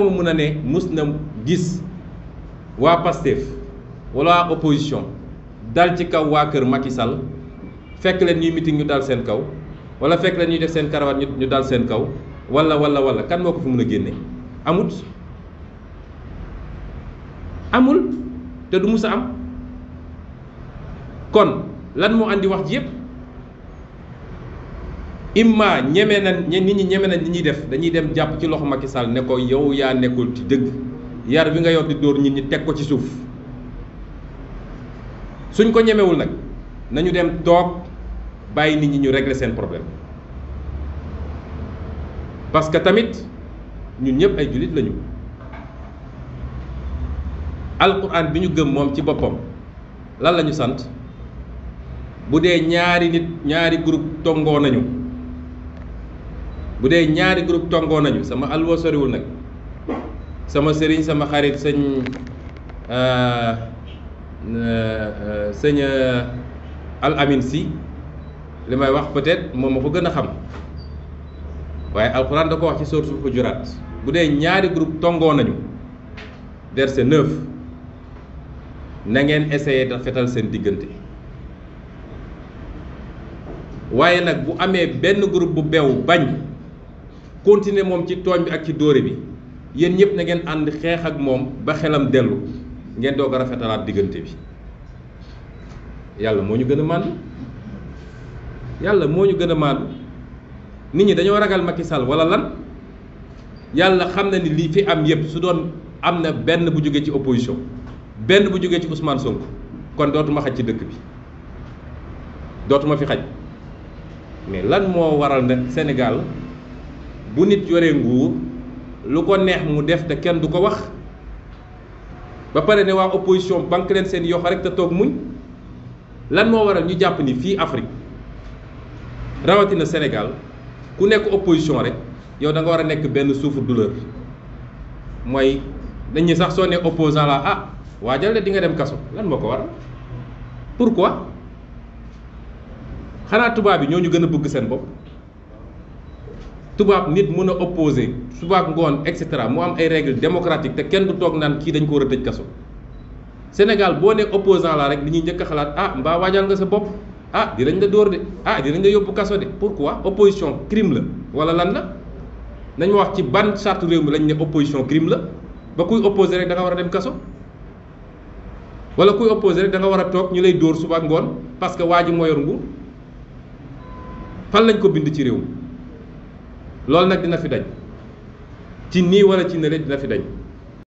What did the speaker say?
mo meuna ne musna gis wa Pastef wala opposition dal ci kaw wa keur Macky fekk len ñuy meeting ñu dal sen kaw wala fekk len ñuy def sen karawat ñu dal sen kaw wala wala wala kan moko ko fi amut amul te du musa am kon lan mo andi wax jep imma ñeme na nit ñi ñeme na nit ñi def dañuy dem jàpp ci loxo Macky Sall ne ko yow yaa nekkul ci dëgg yar bi nga yor di dóor nit ñi teg ko ci suuf suñ ko ñemewul nag nañu dem toog bàyyi nit ñi ñu régler seen problème parce que tamit ñun ñëpp ay julit lañu alquran bi ñu gëm moom ci boppam lan lañu sant bu dee ñaari nit ñaari groupe tongoo nañu bu dee ñaari groupe tongoo nañu sama alwa soriwul nag sama sëriñ sama xarit sëñ sëñ al amin si li may wax peut-être moom ma ko gën a xam waaye alquran da ko wax ci sourate hujurat bu dee ñaari groupe tongoo nañu verset 9 na ngeen essayer da fetal seen diggante waaye nag bu amee benn groupe bu bew bañ continuer moom ci tooñ bi ak ci dóore bi yéen ñëpp nangeen ànd xeex ak moom ba xelam dellu ngeen doog a rafetalaat diggante bi yàlla moo ñu gën a màndu yàlla moo ñu gën a màndu nit ñi dañoo ragal Macky Sall wala lan yàlla xam na ni li fi am yëpp su doon am na benn bu jógee ci opposition benn bu jógee ci Ousmane sonk kon dootuma xaj ci dëkk bi dootuma fi xaj mais lan moo waral nag senegal bu nit yoree nguur lu ko neex mu def te kenn du ko wax ba pare ne waa opposition bank leen seen yox rek te toog muñ lan moo waral ñu jàpp ni fii Afrique rawatina Sénégal ku nekk opposition rek yow da nga war a nekk benn souffre-douleur mooy dañuy sax soo ne opposant la ah waajal de di nga dem kaso lan moo ko waral pourquoi xanaa tubaab bi ñoo ñu gën a bëgg seen bopp tubaab nit mën a opposé subaak ngoon et cetera mu am ay règles démocratiques te kenn du toog naan kii dañ ko war a tëj kaso Sénégal boo ne opposant la rek dañuy ñuy njëkk a xalaat ah mbaa waajal nga sa bopp ah dinañ la dóor de ah dinañ la yóbbu kaso de pourquoi opposition crime la wala lan la nañ wax ci ban charte réew mi lañ ne opposition crime la ba kuy opposé rek da nga war a dem kaso wala kuy opposé rek da nga war a toog ñu lay dóor subaak ngoon parce que waa ji yor nguur fan lañ ko bind ci réew mi loolu nag dina fi dañ ci nii wala ci nële dina fi dañ